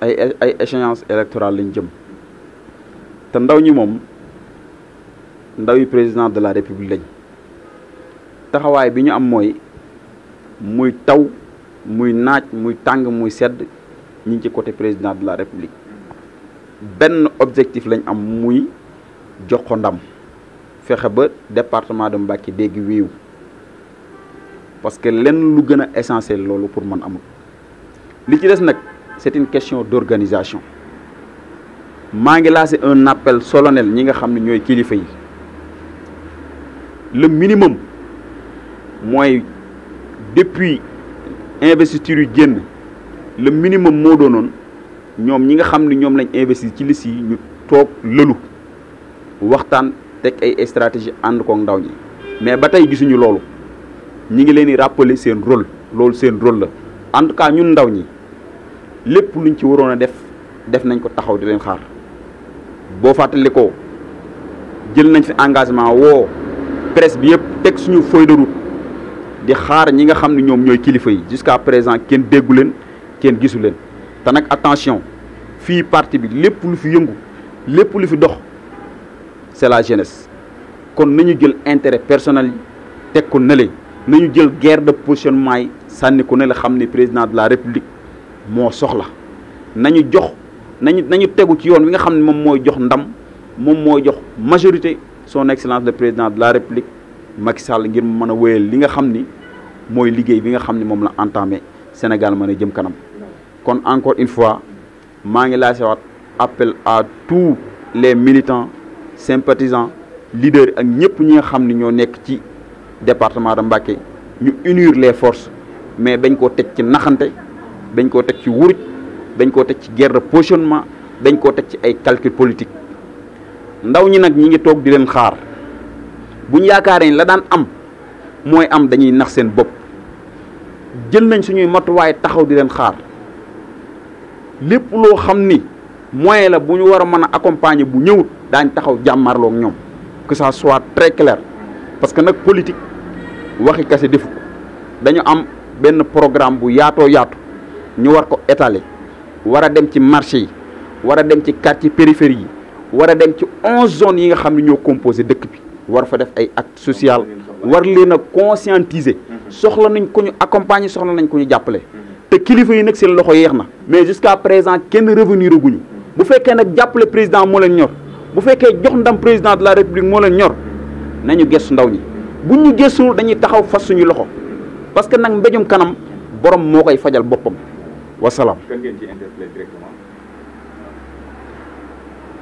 ay ay échéance électorale lañ jëm te ndaw ñi moom ndaw président de la république lañ taxawaay bi ñu am mooy muy taw muy naaj muy tàng muy sedd ñi ci côté président de la république benn objectif lañ am muy jox ko ndam fexe ba département de Mbacké dégg wéewu parce que lenn lu gën a essentiel loolu pour man amul li ci des nag c'est une question d'organisation maa ngi lancé un nappel solennel ñi nga xam ne ñooy kilifa yi le minimum mooy depuis investiture yu génn le minimum moo doonoon ñoom ñi nga xam ni ñoom lañ investir ci liste yi ñu toog lëlu waxtaan teg ay stratégie ànd koog ndaw ñi mais ba tey gisuñu loolu ñi ngi leen di rappeler seen rôle loolu seen rôle la en tout cas ñun ndaw ñi lépp luñ ci waroon a def def nañ ko taxaw di leen xaar boo fàttalikoo jël nañ fi engagement woo presse bi yëpp teg suñu feuille de di xaar ñi nga xam ne ñoom ñooy kilifa yi jusqu'à présent kenn déggu leen kenn gisu leen te nag attention fii parti bi lépp lu fi yëngu lépp lu fi dox c'est la jeunesse kon nañu jël intérêt personnel yi teg ko nële nañu jël guerre de positionnement yi sànni ko nële xam ni président de la république moo soxla nañu jox nañu nañu tegu ci yoon wi nga xam ne moom mooy jox ndam moom mooy jox majorité son excellence le président de la réplique Macky Sall ngir mu mën a wéyal li nga xam ni mooy liggéey bi nga xam ni moom la entamé Sénégal mën a jëm kanam kon encore une fois maa ngi laay sewaat appel à tout les militants sympathisants leaders ak ñëpp ñi nga xam ni ñoo nekk ci département de Mbacké ñu unir les forces mais bañ koo teg ci naxante dañ koo teg ci wuruj dañ koo teg ci guerre de dañ koo teg ci ay calcul politique ndaw ñi nag ñi ngi toog di leen xaar buñ yaakaaree la daan am mooy am dañuy nax seen bopp jël nañ suñuy matuwaay taxaw di leen xaar lépp loo xam ni moyen la bu ñu war a mën a accompagner bu ñëwut daañ taxaw jàmmarlook ñoom que ça soit très clair parce que nag politique waxi kase defu ko dañu am benn programme bu yaatoo yaatu ñu war ko étaler war a dem ci marché yi war a dem ci quartier périphérie yi war a dem ci onze zones yi nga xam ne ñoo composé dëkk bi war fa def ay acte social war leen a conscientiser soxla nañ ko ñu accompagner soxla nañ ko ñu jàppale te kilifa yi nag seen loxo yeex na mais jusqu'à présent kenn revenir aguñu bu fekkee nag jàppale président moo leen ñor bu fekkee jox ndam président de la république moo leen ñor nañu gëstu ndaw ñi buñ ñu gëstu dañuy taxaw fas suñu loxo parce que nag mbéjum kanam borom moo koy fajal boppam wasalaam. kan ngeen ci interpellé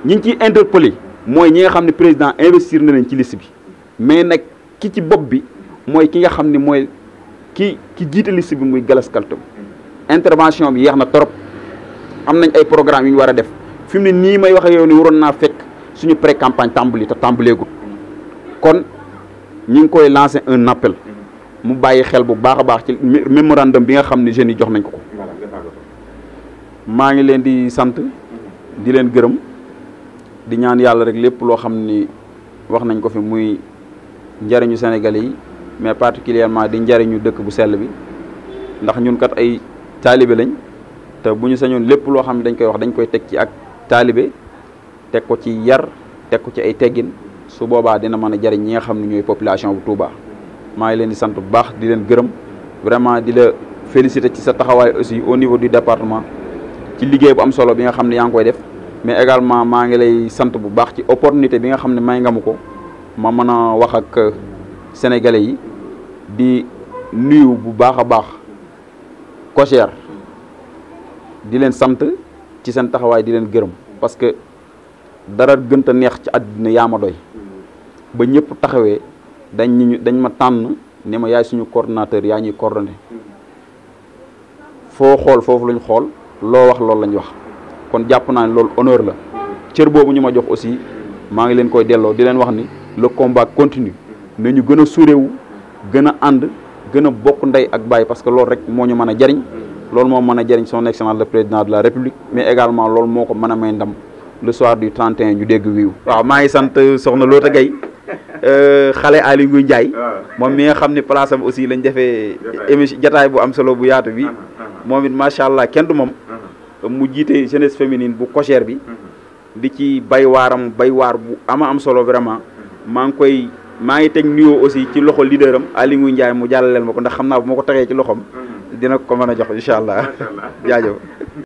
ngi ciy interpellé mooy ñi nga xam ne président investir na leen ci liste bi mais nag ki ci bopp bi mooy ki nga xam ni mooy ki ki jiite liste bi muy Galas intervention bi yeex na torop am nañ ay programme yu ñu war a def fi mu ne nii may waxee yoon yow ni waroon naa fekk suñu pré campagne tàmbali te tàmbaleegul kon ñi ngi koy lancer un appel mu bàyyi xel bu baax a baax ci mémorandum bi nga xam ne jeunes yi jox nañ ko ko maa ngi leen di sant di leen gërëm di ñaan yàlla rek lépp loo xam ni wax nañ ko fi muy njariñu Sénégalais yi mais particulièrement di njariñu dëkk bu sell bi ndax ñun kat ay taalibe lañ te bu ñu sañoon lépp loo xam ne dañ koy wax dañ koy teg ci ak taalibe teg ko ci yar teg ko ci ay teggin su boobaa dina mën a jariñ ñi nga xam ne ñuy population bu Touba maa ngi leen di sant bu baax di leen gërëm vraiment di la féliciter ci sa taxawaay aussi au niveau du département ci liggéey bu am solo bi nga xam ne yaa ngi koy def mais également maa ngi lay sant bu baax ci opportunité bi nga xam ne may nga ma ko ma mën a wax ak sénégalais yi di nuyu bu baax a baax Cojer di leen sant ci seen taxawaay di leen gërëm parce que dara a neex ci àddina yaa ma doy ba ñëpp taxawee dañ dañ ma tànn ne ma yaay suñu coordonnateur yaa ñuy coordonné foo xool foofu lañu xool loo wax loolu la ñu wax kon jàpp naa ne loolu honneur la cër boobu ñu ma jox aussi maa ngi leen koy delloo di leen wax ni la combat continue na ñu gën a suréwu gën a ànd gën a bokk ndey ak bàyyi parce que loolu rek moo ñu mën a jariñ loolu moo mën a jariñ son excellence le président de la république mais également lool moo ko mën a may ndam le soir du 31 ñu dégg wiiw waaw maa ngi sant euh, soxna Loota Gueye euh, xale Aliou Ngouye Ndiaye ah. moom mi nga xam ni place am aussi lañ defee émission jataay bu am solo bu yaatu bi ah, ah, moom it macha allah kenn du moom mu jiite jeunesse féminine bu COJER bi mm-hmm. di ci bay waaram bay waar bu ama am solo vraiment mm-hmm. maa ngi koy maa ngi teg nuyoo aussi ci loxo leader am Aliou Ndiaye mu jàllaleel ma ko ndax xam naa bu moo ko tegee ci loxoom mm-hmm. dina ko mën a jox incha allah jaajëf